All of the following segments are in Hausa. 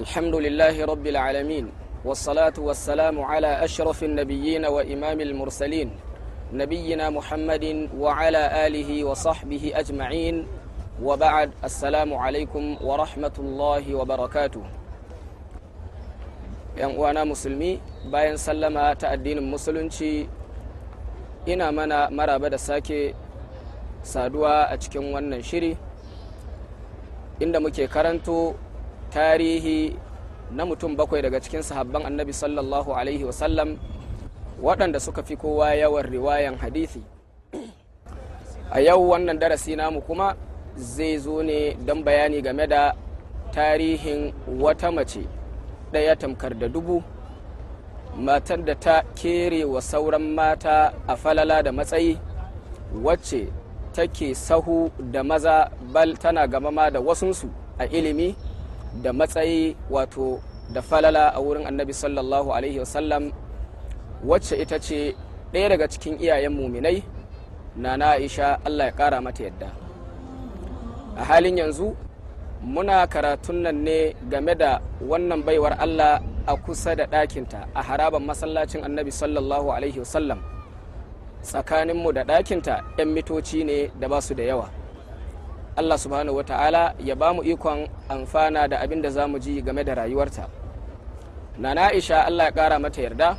الحمد لله رب العالمين والصلاة والسلام على أشرف النبيين وإمام المرسلين نبينا محمد وعلى آله وصحبه أجمعين وبعد السلام عليكم ورحمة الله وبركاته yan uwana musulmi bayan sallama ta addinin musulunci ina mana maraba da sake saduwa a cikin wannan shiri inda muke karanto tarihi na mutum bakwai daga cikin sahabban annabi sallallahu alaihi wasallam waɗanda suka fi kowa yawan riwayan hadithi a yau wannan darasi namu kuma zai zo ne don bayani game da tarihin wata mace ɗaya tamkar da dubu matar da ta kere wa sauran mata a falala da matsayi wacce take sahu da maza bal tana gama ma da wasunsu a ilimi da matsayi wato da falala a wurin annabi sallallahu alaihi wasallam wacce ita ce ɗaya daga cikin iyayen muminai na na'isha allah ya ƙara mata yadda a halin yanzu muna karatun nan ne game da wannan baiwar allah a kusa da ɗakinta a haraban masallacin annabi sallallahu alaihi wasallam tsakaninmu da ɗakinta 'yan mitoci ne da ba su da yawa Allah subhanahu wa ta'ala ya ba mu ikon amfana da abin da za mu ji game da rayuwarta Na aisha Allah ya ƙara mata yarda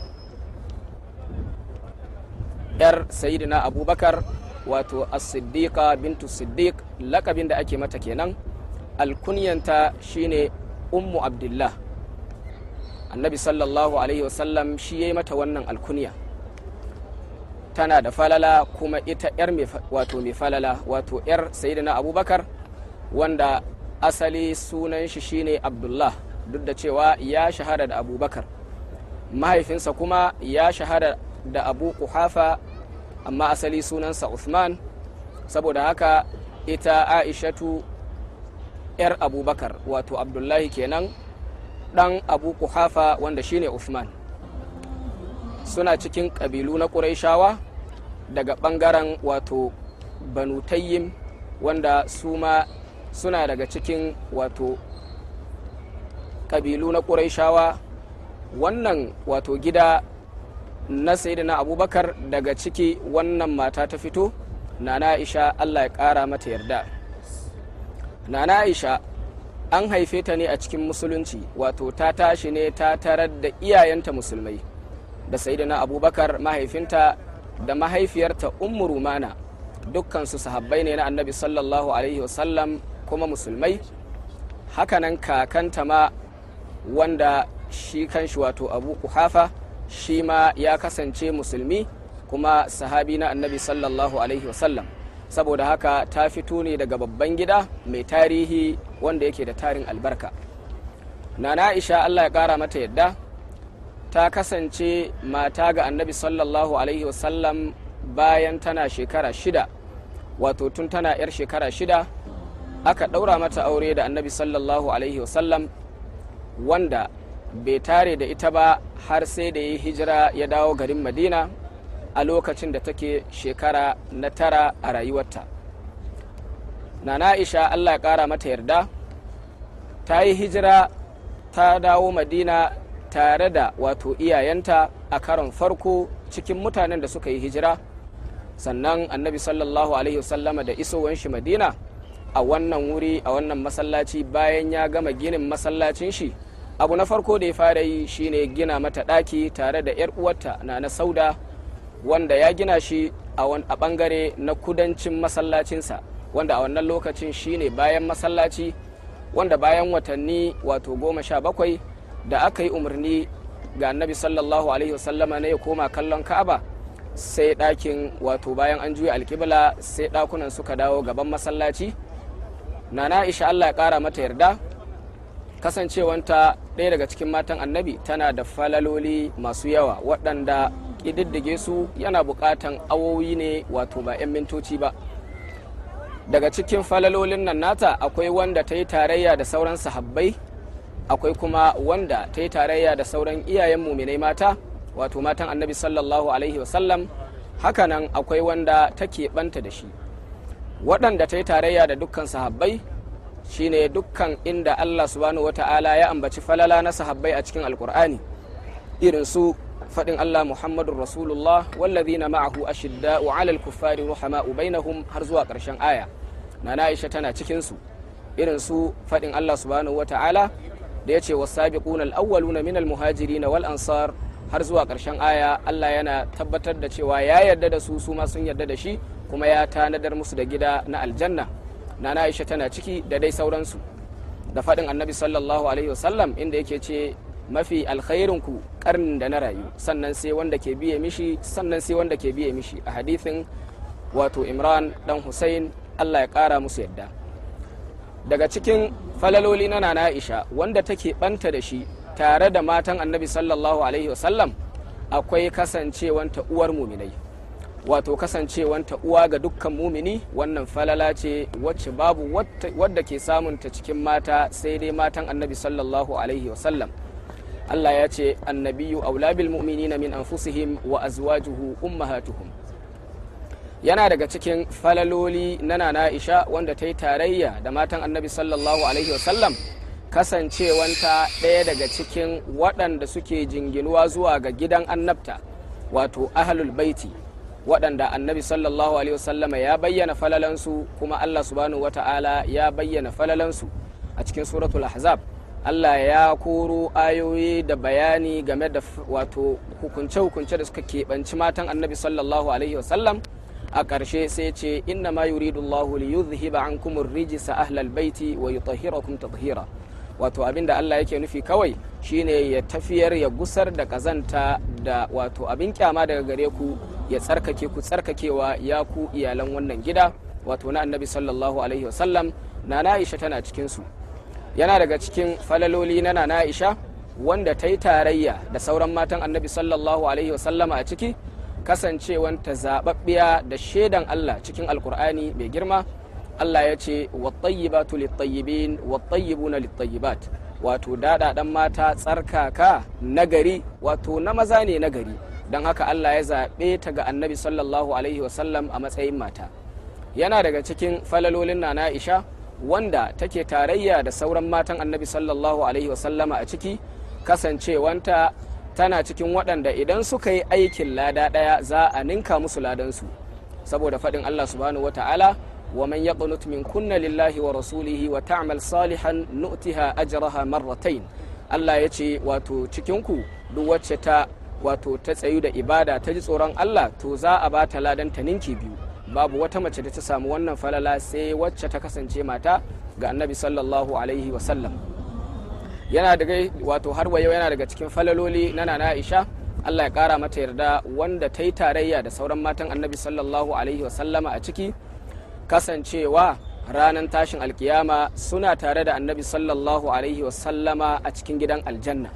yar Sayyidina abubakar wato as-siddiqa bintu siddiq lakabin da ake mata kenan alkunyanta shine ummu abdullah annabi sallallahu alaihi wasallam shi ya yi mata wannan alkunya tana da falala kuma ita yar wato mai falala wato yar sayidina abubakar wanda asali sunan shi shine abdullah duk da cewa ya shahara da abubakar mahaifinsa kuma ya shahara da abu kuhafa amma asali sunansa usman saboda haka ita aishatu yar abubakar wato abdullahi kenan dan abu kuhafa wanda shine usman. suna cikin ƙabilu na ƙuraishawa daga ɓangaren wato banu tayyim wanda su ma suna daga cikin wato ƙabilu na ƙuraishawa wannan wato gida na na abubakar daga ciki wannan mata ta fito nana isha allah ya ƙara mata yarda nana isha an haife ta ne a cikin musulunci wato ta tashi ne ta tarar da iyayenta musulmai da sayyidina abubakar mahaifinta da mahaifiyarta ummu rumana dukkansu sahabbai ne na annabi sallallahu alaihi wasallam kuma musulmai hakanan kakanta ma wanda shi kanshi wato abu kuhafa shi ma ya kasance musulmi kuma sahabi na annabi sallallahu alaihi wasallam saboda haka ta fito ne daga babban gida mai tarihi wanda yake da tarin albarka na aisha allah ya kara mata yadda ta kasance mata ga annabi sallallahu alaihi wasallam bayan tana shekara shida wato tun tana 'yar shekara shida aka ɗaura mata aure da annabi sallallahu alaihi wasallam wanda bai tare da ita ba har sai da ya hijira ya dawo garin madina a lokacin da take shekara na tara a rayuwarta na aisha allah ya kara mata yarda ta yi hijira ta dawo madina tare da wato iyayenta a karon farko cikin mutanen da suka yi hijira sannan annabi sallallahu alaihi wasallama da isowan shi madina a wannan wuri a wannan masallaci bayan ya gama ginin masallacin shi abu na farko da ya fara yi shine gina mata ɗaki tare da 'yar uwarta na na sauda wanda ya gina shi a bangare na kudancin masallacinsa wanda a wannan lokacin shine bayan masallaci wanda bayan watanni wato goma sha bakwai da aka yi umarni ga annabi sallallahu alaihi wasallama na ya koma kallon ka'aba sai ɗakin wato bayan an juya alkibla sai ɗakunan suka dawo gaban masallaci nana isha allah ya ƙara mata yarda kasancewanta ɗaya daga cikin matan annabi tana da falaloli masu yawa waɗanda ƙididdige su yana buƙatan awowi ne wato ba 'yan mintoci ba daga cikin falalolin nan nata akwai wanda ta yi tarayya da sauran sahabbai akwai kuma wanda ta yi tarayya da sauran iyayen muminai mata wato matan annabi sallallahu alaihi wasallam hakanan akwai wanda ta keɓanta da shi waɗanda ta yi tarayya da dukkan sahabbai shine dukkan inda allah subhanahu wata'ala ya ambaci falala na sahabbai a cikin alkur'ani irin su faɗin allah muhammadun rasulullah na ma'ahu a ashidda'u 'alal kufari ruhama'u bainahum har zuwa ƙarshen aya na na'isha tana cikinsu irin su faɗin allah subhanahu wata'ala da ya ce wa was-sabiquna al'awalu na minal na wal ansar har zuwa ƙarshen aya Allah yana tabbatar da cewa ya yarda da su su ma sun yarda da shi kuma ya tanadar musu da gida na aljanna na Aisha tana ciki da dai sauransu da faɗin annabi sallallahu alaihi wasallam inda yake ce mafi alkhairin ku karnin da na rayu sannan sai wanda ke biye mishi sannan sai wanda ke biye mishi a hadithin wato Imran dan Hussein Allah ya kara musu yadda daga cikin falaloli na nana aisha wanda take banta da shi tare da matan annabi sallallahu alaihi wasallam akwai kasancewanta uwar muminai wato kasancewanta uwa ga dukkan mumini wannan falala ce wacce babu wadda ke samunta cikin mata sai dai matan annabi sallallahu alaihi wasallam Allah ya ce annabiyu aulabil mumini mu'minina min anfusihim wa azwajuhu ummahatuhum yana daga cikin falaloli na nana isha wanda ta yi tarayya da matan annabi sallallahu alaihi wasallam kasancewanta ɗaya daga cikin waɗanda suke jinginuwa zuwa ga gidan annabta wato ahlul baiti waɗanda annabi sallallahu alaihi wasallama ya bayyana falalansu kuma Allah subhanahu wata'ala ya bayyana falalansu a cikin suratul ahzab Allah ya koro ayoyi da bayani game da wato hukunce-hukunce da suka keɓanci matan annabi sallallahu alaihi wasallam a ƙarshe sai ce inna ma yuridu Allahu li an ankum riji sa ahlal baiti wa tahira kum tathira wato abin da Allah yake nufi kawai shine ya tafiyar ya gusar da kazanta da wato abin kyama daga gare ku ya tsarkake ku tsarkakewa ya ku iyalan wannan gida wato na annabi sallallahu alaihi wasallam na Aisha tana cikin su yana daga cikin falaloli na na Aisha wanda ta yi tarayya da sauran matan annabi sallallahu alaihi wasallama a ciki kasancewanta zaɓaɓɓiya da shaidan Allah cikin alkur'ani mai girma Allah ya ce wattayyibatu littayyibin wattayyibuna littayyibat wato daɗaɗan mata tsarkaka nagari wato na maza ne nagari don haka Allah ya zaɓe ta ga annabi sallallahu alaihi wasallam a matsayin mata yana daga cikin falalolin na na'isha wanda take tarayya da sauran matan annabi sallallahu alaihi wasallama a ciki kasancewanta tana cikin waɗanda idan suka yi aikin lada ɗaya za a ninka musu ladansu saboda faɗin Allah subhanahu wata'ala wa man yaqnut min kunna lillahi wa rasulihi wa ta'mal salihan nu'tiha ajraha marratayn Allah ya ce wato cikin ku duk wacce ta wato ta tsayu da ibada ta ji tsoron Allah to za a ta ladan ta ninki biyu babu wata mace da ta samu wannan falala sai wacce ta kasance mata ga annabi sallallahu alaihi wa sallam yana daga wato har yau yana daga cikin falaloli na nana aisha allah ya kara mata yarda wanda ta yi tarayya da sauran matan annabi sallallahu alaihi wasallama a ciki kasancewa ranar tashin alkiyama suna tare da annabi sallallahu alaihi wasallama a cikin gidan aljanna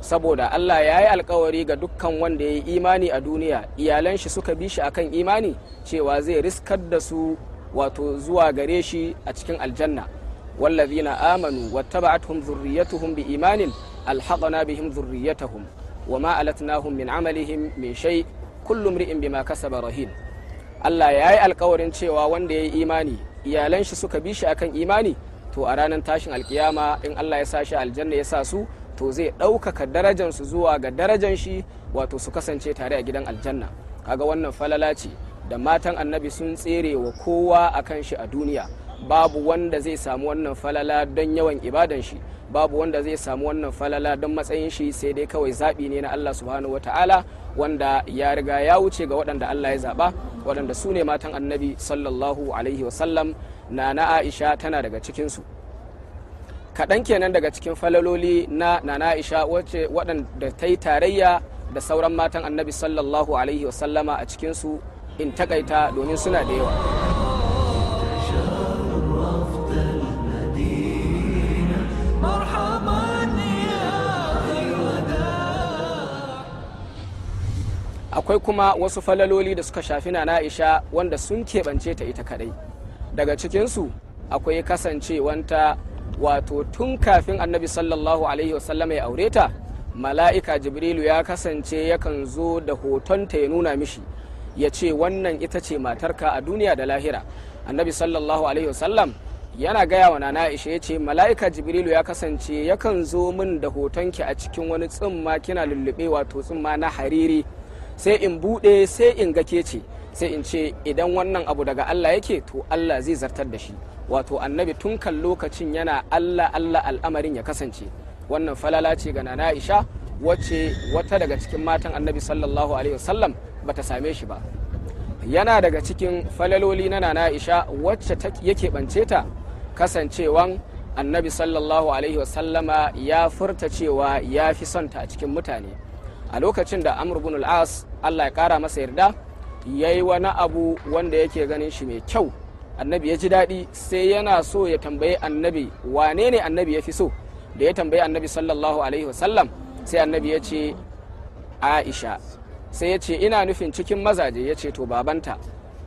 saboda allah ya yi alkawari ga dukkan wanda ya yi imani a duniya iyalan shi suka bi shi akan imani cewa zai riskar da su wato zuwa gare shi a cikin aljanna amanu والذين آمنوا واتبعتهم ذريتهم بإيمان ألحقنا بهم ذريتهم وما ألتناهم من عملهم من شيء كل امرئ kasa ba رهين Allah ya yi alkawarin cewa wanda ya yi imani iyalan shi suka bi shi akan imani to a ranar tashin alkiyama in Allah ya sa shi aljanna ya sa su to zai ɗaukaka darajan su zuwa ga darajan shi wato su kasance tare a gidan aljanna kaga wannan falala ce da matan annabi sun tsere wa kowa akan shi a duniya babu wanda zai samu wannan falala don yawan ibadan shi babu wanda zai samu wannan falala don matsayin shi sai dai kawai zaɓi ne na Allah subhanahu wa ta'ala wanda ya riga ya wuce ga waɗanda Allah ya zaɓa waɗanda su ne matan annabi sallallahu alaihi wasallam na na Aisha tana daga cikinsu kaɗan kenan daga cikin falaloli na na Aisha wacce waɗanda ta yi tarayya da sauran matan annabi sallallahu alaihi wasallama a cikinsu in takaita domin suna da yawa akwai kuma wasu falaloli da suka shafi na Aisha wanda sun keɓance ta ita kadai daga cikinsu akwai kasancewanta wato tun kafin annabi sallallahu alaihi wasallam ya aure ta mala'ika jibrilu ya kasance yakan zo da hotonta ya nuna mishi ya ce wannan ita ce matarka a duniya da lahira annabi sallallahu alaihi wasallam yana gaya wa nana aisha ya ce mala'ika jibrilu ya kasance yakan zo min da hotonki a cikin wani tsumma kina lullube wato tsumma na hariri sai in bude sai in ga kece sai in ce idan wannan abu daga Allah yake to Allah zai zartar da shi wato annabi tun kan lokacin yana Allah Allah al'amarin ya kasance wannan falala ce ga nana Aisha wacce wata daga cikin matan annabi sallallahu alaihi wasallam bata same shi ba yana daga cikin falaloli na nana Aisha wacce yake bance ta kasancewan annabi sallallahu alaihi wasallama ya furta cewa ya fi son ta a cikin mutane a lokacin da amr bin al'as Allah ya kara masa yarda ya yi wani abu wanda yake ganin shi mai kyau annabi ya ji daɗi sai yana so ya tambayi annabi wane ne annabi ya fi so da ya tambayi annabi sallallahu alaihi wasallam sai annabi ya ce aisha sai ya ce ina nufin cikin mazaje ya ce to babanta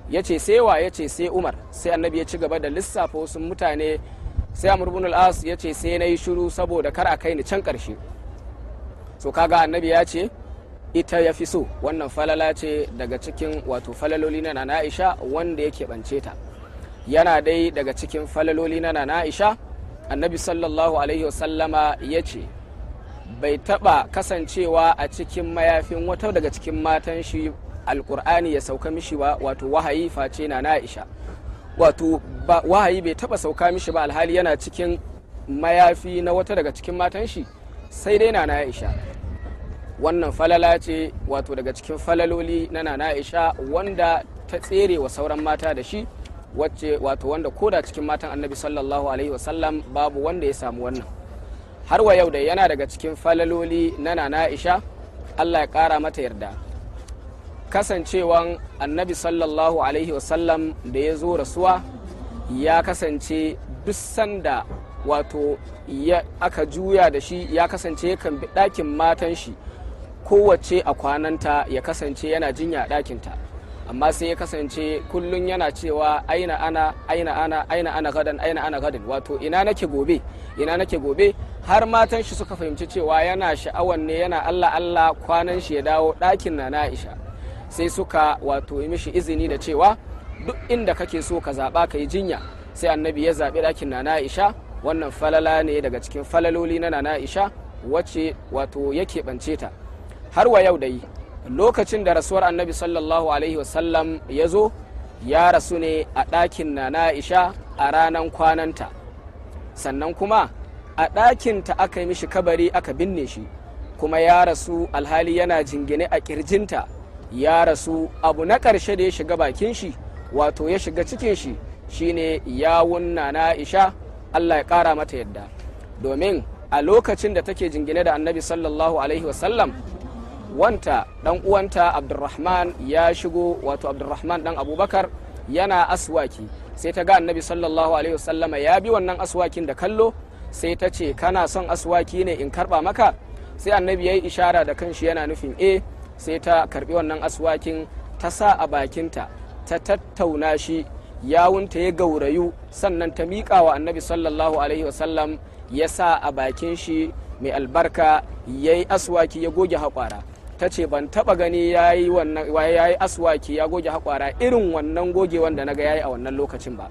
ya ce sai wa ya ce sai umar sai annabi ya ci gaba da lissafa wasu mutane sai amr bin ya ce sai na yi shiru saboda kar a kai ni can ƙarshe so kaga annabi ya ce ita ya fi so wannan falala ce daga cikin wato falaloli na nana isha wanda ya keɓance ta yana dai daga cikin falaloli na nana isha annabi sallallahu alaihi wasallama ya ce bai taɓa kasancewa a cikin mayafin wata daga cikin matan shi alkur'ani ya sauka mishi ba wato wahayi face na na'isha wato wahayi bai taɓa sauka mishi ba alhali yana cikin mayafi na wata daga cikin matan shi sai dai nana aisha wannan falala ce wato daga cikin falaloli na nana aisha wanda ta tsere wa sauran mata da shi wacce wato wanda koda cikin matan annabi sallallahu alaihi wasallam babu wanda ya samu wannan har wa yau da yana daga cikin falaloli na nana aisha allah ya kara mata yarda kasancewan annabi sallallahu alaihi wasallam da ya zo rasuwa ya kasance duk sanda wato aka juya da shi ya kasance yakan bi ɗakin matan shi kowace a kwananta ya kasance yana jinya a ɗakinta amma sai ya kasance kullum yana cewa aina ana aina ana aina ana gadan aina ana gadan wato ina nake gobe ina nake gobe har matan shi suka fahimci cewa yana sha'awan ne yana allah allah kwanan shi ya dawo ɗakin na na'isha sai suka wato yi mishi izini da cewa duk inda kake so ka zaɓa ka yi jinya sai annabi ya zaɓi ɗakin na na'isha wannan falala ne daga cikin falaloli na nana isha wacce wato ya keɓance ta har wa yau da yi lokacin da rasuwar annabi sallallahu alaihi wasallam ya zo ya rasu ne a ɗakin nana isha a ranan kwananta sannan kuma a ɗakinta aka yi mishi kabari aka binne shi kuma ya rasu alhali yana jingine a ƙirjinta ya rasu abu na ƙarshe da ya shiga bakin shi wato ya shiga cikin shi shine yawun nana isha allah ya ƙara mata yadda domin a lokacin da take jingine da annabi sallallahu alaihi wasallam wanta dan uwanta abdurrahman ya shigo wato abdurrahman dan abubakar yana aswaki sai ta ga annabi sallallahu alaihi wasallam ya bi wannan aswakin da kallo sai ta ce kana son aswaki ne in karba maka sai annabi ya yi ishara da kanshi yana nufin e sai ta karbi wannan aswakin ta sa a bakinta ta tattauna shi yawunta ya gaurayu sannan ta miƙa wa annabi sallallahu alaihi wasallam ya sa a bakin shi mai albarka ya yi aswaki ya goge haƙwara ta ce ban taɓa gani ya yi aswaki ya goge haƙwara irin wannan goge wanda na ga ya yi a wannan lokacin ba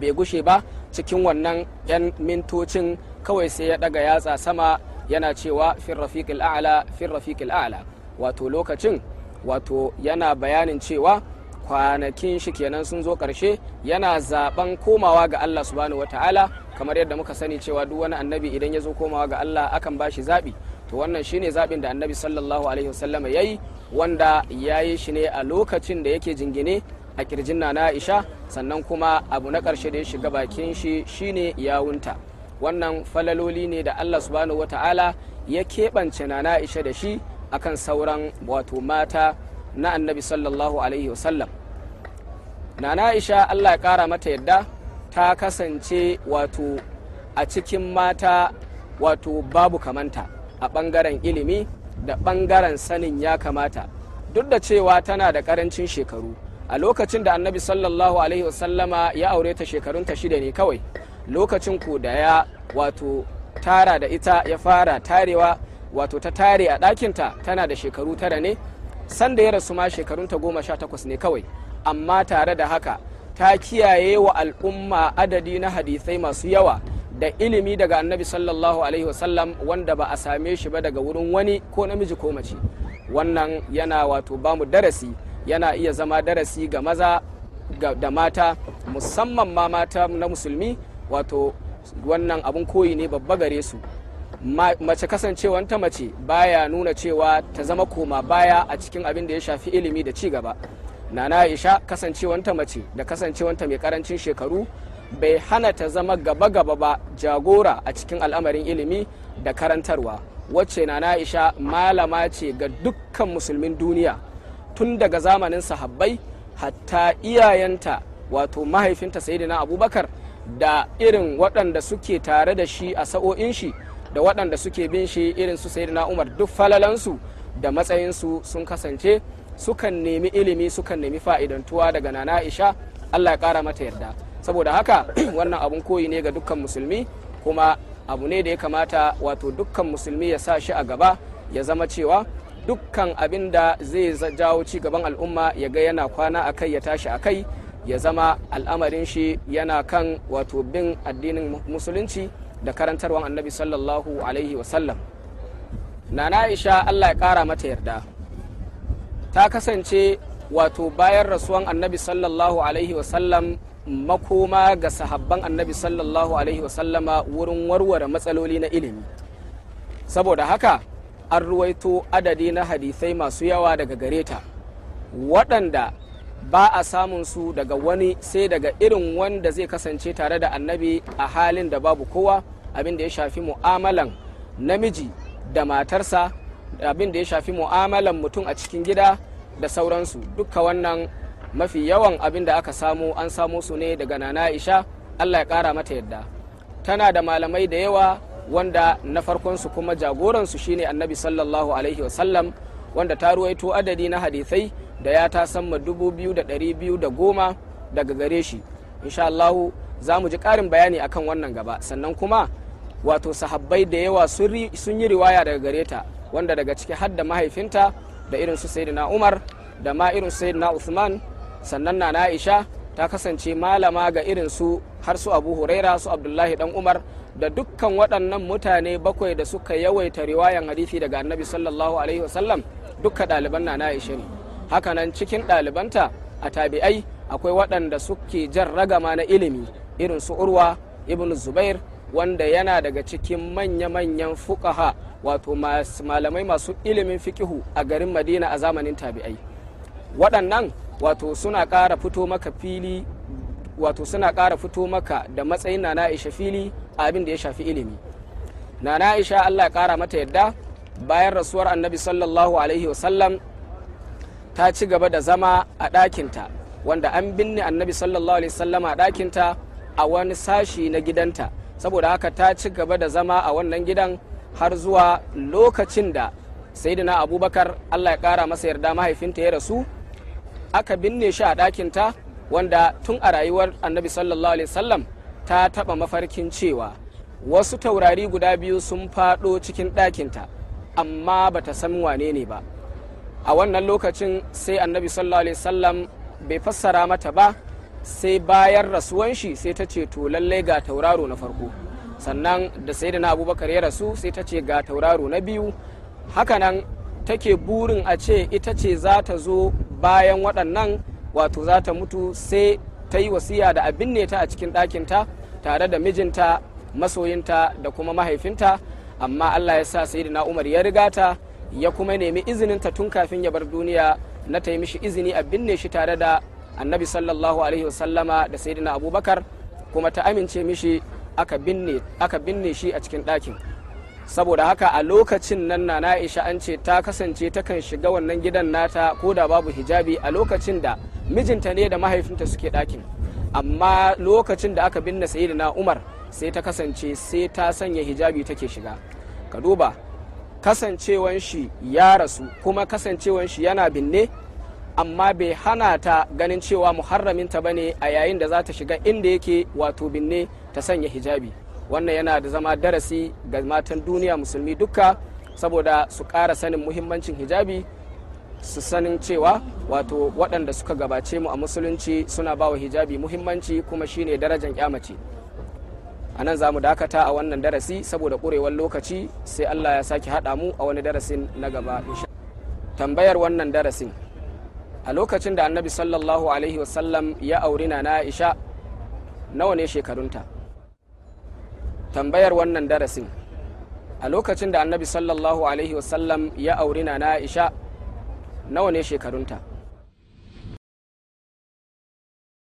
bai gushe ba cikin wannan 'yan mintocin kawai sai ya ɗaga yatsa sama yana cewa firrafiƙil a'ala firrafiƙil a'ala wato lokacin wato yana bayanin cewa kwanakin shi kenan sun zo karshe yana zaben komawa ga Allah subhanahu ta'ala kamar yadda muka sani cewa duk wani annabi idan ya zo komawa ga Allah akan ba shi zaɓi to wannan shine zaɓin da annabi sallallahu alaihi wasallama ya yi wanda ya yi shi ne a lokacin da yake jingine a kirjin na Aisha sannan kuma abu na karshe da ya shiga bakin shi shine yawunta wannan falaloli ne da Allah subhanahu ta'ala ya keɓance na Aisha da shi akan sauran wato mata na annabi sallallahu alaihi wasallam na na'isha allah ya kara mata yadda ta kasance wato a cikin mata wato babu kamanta a ɓangaren ilimi da ɓangaren sanin ya kamata duk da cewa tana da ƙarancin shekaru a lokacin da annabi sallallahu alaihi wasallama ya aure ta shekarun ta shida ne kawai lokacin ku da ya wato tara da ita ya fara tarewa wato ta tare a ɗakinta tana da shekaru tara ne sanda ya rasu ma ta goma sha takwas ne kawai amma tare da haka ta kiyaye wa al'umma adadi na hadisai masu yawa da ilimi daga annabi sallallahu alaihi wasallam wanda ba a same shi ba daga wurin wani ko namiji ko mace wannan yana wato ba mu darasi yana iya zama darasi ga maza da mata musamman ma mata na musulmi wato wannan abin koyi ne babba gare su mace kasancewan ta mace baya nuna cewa ta zama koma baya a cikin abin da ya shafi ilimi da ci gaba na aisha kasancewan ta mace da kasancewan ta mai karancin shekaru bai hana ta zama gaba gaba ba jagora a cikin al'amarin ilimi da karantarwa wacce na isha malama ce ga dukkan musulmin duniya tun daga zamanin sahabbai hatta iyayenta wato mahaifinta sayidina abubakar da irin waɗanda suke tare da shi a sa'o'in shi da waɗanda suke bin shi irin su sai na umar duk falalansu da matsayinsu sun kasance sukan nemi ilimi sukan nemi fa'idantuwa daga nana aisha allah ya kara mata yarda saboda haka wannan abun koyi ne ga dukkan musulmi kuma abu ne da ya kamata wato dukkan musulmi ya sa shi a gaba ya zama cewa dukkan abin da zai jawo ci gaban al'umma ya ga yana kwana a kai ya tashi a kai ya zama al'amarin shi yana kan wato bin addinin musulunci da karantarwan annabi sallallahu alaihi wasallam na aisha allah ya kara mata yarda ta kasance wato bayan rasuwan annabi sallallahu alaihi wasallam makoma ga sahabban annabi sallallahu alaihi wasallama wurin warware matsaloli na ilimi saboda haka an ruwaito adadi na hadisai masu yawa daga gare ta waɗanda ba a samun su daga wani sai daga irin wanda zai kasance tare da annabi a halin da babu kowa abin da ya shafi mu'amalan namiji da matarsa abin da ya shafi mu'amalan mutum a cikin gida da sauransu dukka wannan mafi yawan abin da aka samu an samo su ne daga nana isha allah ya kara mata yadda tana da malamai da yawa wanda na farkonsu kuma jagoransu shine annabi sallallahu alaihi wasallam wanda ta ruwaito adadi na hadisai da ya ta samma dubu biyu da ɗari biyu da goma daga gare shi insha allahu za mu ji ƙarin bayani akan wannan gaba sannan kuma wato sahabbai da yawa sun yi riwaya daga gare ta wanda daga ciki har da mahaifinta da irin su sayyidina umar da ma irin su sayyidina usman sannan na naisha ta kasance malama ga irin su har su abu huraira su abdullahi dan umar da dukkan waɗannan mutane bakwai da suka yawaita riwayan hadisi daga annabi sallallahu alaihi wasallam dukka ɗaliban na naisha ne hakanan cikin ɗalibanta a tabi'ai akwai waɗanda suke jan ragama na ilimi irin su urwa ibn zubair wanda yana daga cikin manya-manyan fukaha wato malamai masu ilimin fikihu a garin madina a zamanin tabi'ai waɗannan wato suna ƙara fito maka fili wato suna ƙara fito maka da matsayin na na'isha fili a abin da ya shafi ilimi na na'isha allah ƙara mata yadda bayan rasuwar annabi sallallahu alaihi wasallam ta ci gaba da zama a ɗakinta wanda an binne annabi sallallahu alaihi wasallam a ɗakinta a wani sashi na gidanta saboda haka ta ci gaba da zama a wannan gidan har zuwa lokacin da saidina abubakar allah ya kara masa yarda mahaifinta ya rasu aka binne shi a ɗakinta wanda tun a rayuwar annabi sallallahu alaihi wasallam ta taɓa mafarkin cewa wasu taurari guda biyu sun faɗo cikin ɗakinta amma ba ta san wane ne ba a wannan lokacin sai annabi sallallahu alaihi wasallam bai fassara mata ba sai bayan rasuwan shi sai ta ce to lallai ga tauraro na farko sannan da sai na abubakar ya rasu sai ta ce ga tauraro na biyu hakanan take burin a ce ita ce za ta zo bayan waɗannan wato za ta mutu sai ta yi wasiya da abin ne ta a cikin ɗakinta tare da mijinta masoyinta da kuma mahaifinta amma allah ya sa saidina umar ya riga ta ya kuma nemi izinin ta tun kafin ya bar duniya na ta yi mishi izini a binne shi tare da annabi sallallahu alaihi wasallama da sayyidina abubakar kuma ta amince mishi aka binne aka binne shi a cikin ɗakin saboda haka a lokacin nan na na'isha an ce ta kasance takan shiga wannan gidan nata ko da babu hijabi a lokacin da mijinta ne da mahaifinta suke ɗakin amma lokacin da aka binne sayyidina umar sai ta kasance sai ta sanya hijabi take shiga ka duba kasancewan shi ya rasu kuma kasancewan shi yana binne amma bai hana ta ganin cewa muharraminta ba ne a yayin da za ta shiga inda yake wato binne ta sanya hijabi wannan yana da zama darasi ga matan duniya musulmi duka saboda su kara sanin muhimmancin hijabi su sanin cewa wato waɗanda suka gabace mu a musulunci suna bawa hijabi muhimmanci kuma shine darajan kyamace a nan za mu dakata a wannan darasi saboda ƙurewar lokaci sai allah ya sake haɗa mu a wani darasin na gaba tambayar wannan darasin a lokacin da annabi sallallahu alaihi wasallam ya auri na aisha nawa ne shekarunta tambayar wannan darasin a lokacin da annabi sallallahu alaihi wasallam ya auri na aisha nawa ne shekarunta